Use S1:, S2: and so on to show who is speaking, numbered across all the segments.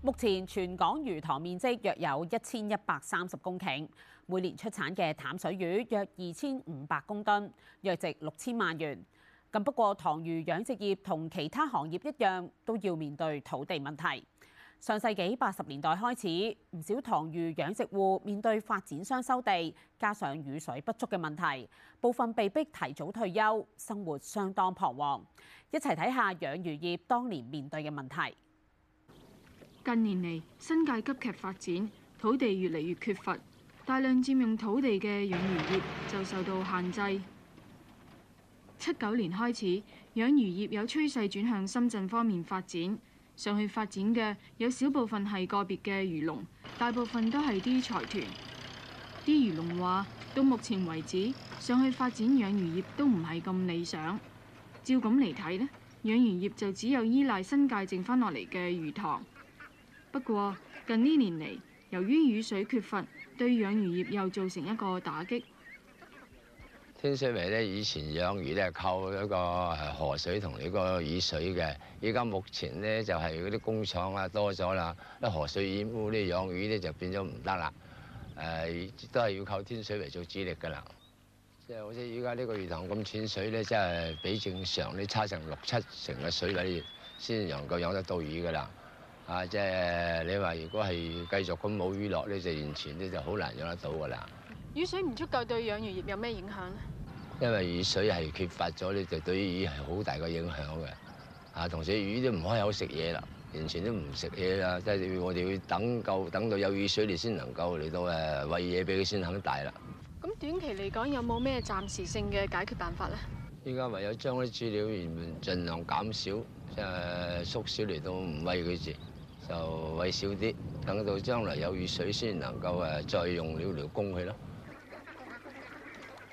S1: 目前全港魚塘面積約有1130公頃，每年出產嘅淡水魚約2500公噸，約值6000萬元。咁不過，塘魚養殖業同其他行業一樣都要面對土地問題。上世紀80年代開始，唔少塘魚養殖戶面對發展商收地，加上雨水不足嘅問題，部分被迫提早退休，生活相當彷徨，一齊睇下養魚業當年面對嘅問題。
S2: 近年嚟，新界急劇發展，土地越嚟越缺乏，大量佔用土地嘅養魚業就受到限制。七九年開始，養魚業有趨勢轉向深圳方面發展。上去發展嘅有小部分係個別嘅魚農，大部分都係啲財團。啲魚農話，到目前為止，上去發展養魚業都唔係咁理想。照咁嚟睇咧，養魚業就只有依賴新界剩翻落嚟嘅魚塘。不過近呢年嚟，由於雨水缺乏，對養魚業又造成一個打擊。
S3: 天水圍咧，以前養魚咧靠一個河水同呢個雨水嘅，依家目前咧就係嗰啲工廠啊多咗啦，啲河水染污，呢養魚咧就變咗唔得啦。誒、呃，都係要靠天水圍做主力噶啦。即、就、係、是、好似依家呢個魚塘咁淺水咧，即、就、係、是、比正常咧差成六七成嘅水位，先能夠養得到魚噶啦。啊！即係你話，如果係繼續咁冇雨落咧，就完全咧就好難養得到噶啦。
S2: 雨水唔足夠對養魚業有咩影響
S3: 咧？因為雨水係缺乏咗咧，就對魚係好大個影響嘅。啊，同時魚都唔可以好食嘢啦，完全都唔食嘢啦，即係我哋要等夠等到有雨水來才能，你先能夠嚟到誒餵嘢俾佢先肯大啦。
S2: 咁短期嚟講有冇咩暫時性嘅解決辦法咧？
S3: 依家唯有將啲飼料完全盡量減少，即係，誒，縮小嚟到唔餵佢住。就餵少啲，等到將來有雨水先能夠誒再用料嚟供佢咯。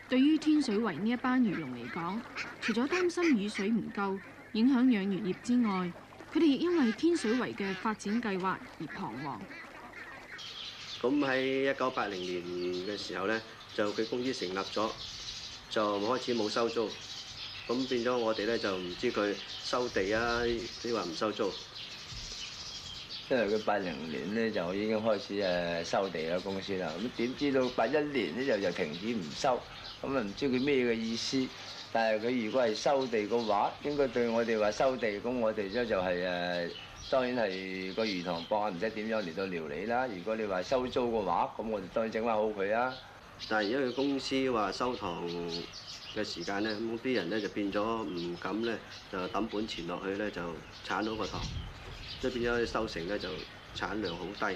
S2: 對於天水圍呢一班漁農嚟講，除咗擔心雨水唔夠影響養魚業之外，佢哋亦因為天水圍嘅發展計劃而彷徨。
S3: 咁喺一九八零年嘅時候呢，就佢公司成立咗，就開始冇收租，咁變咗我哋呢就唔知佢收地啊，即係話唔收租。因為佢八零年咧就已經開始誒收地嘅公司啦，咁點知到八一年咧就就停止唔收，咁啊唔知佢咩嘅意思？但係佢如果係收地嘅話，應該對我哋話收地，咁我哋咧就係、是、誒，當然係個魚塘博唔知點樣嚟到料理啦。如果你話收租嘅話，咁我哋當然整翻好佢啊。但係如果佢公司話收塘嘅時間咧，咁啲人咧就變咗唔敢咧，就抌本錢落去咧，就鏟到個塘。所以變咗收成呢，就產量好低。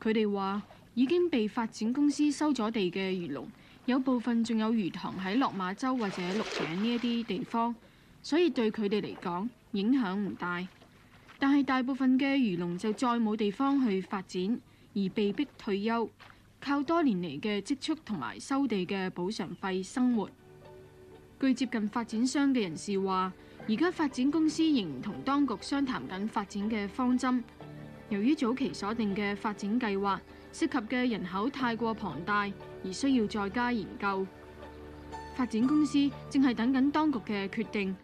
S2: 佢哋話已經被發展公司收咗地嘅漁農，有部分仲有魚塘喺落馬洲或者鹿嶺呢一啲地方，所以對佢哋嚟講影響唔大。但係大部分嘅漁農就再冇地方去發展，而被迫退休，靠多年嚟嘅積蓄同埋收地嘅補償費生活。據接近發展商嘅人士話。而家發展公司仍然同當局商談緊發展嘅方針，由於早期所定嘅發展計劃涉及嘅人口太過龐大，而需要再加研究，發展公司正係等緊當局嘅決定。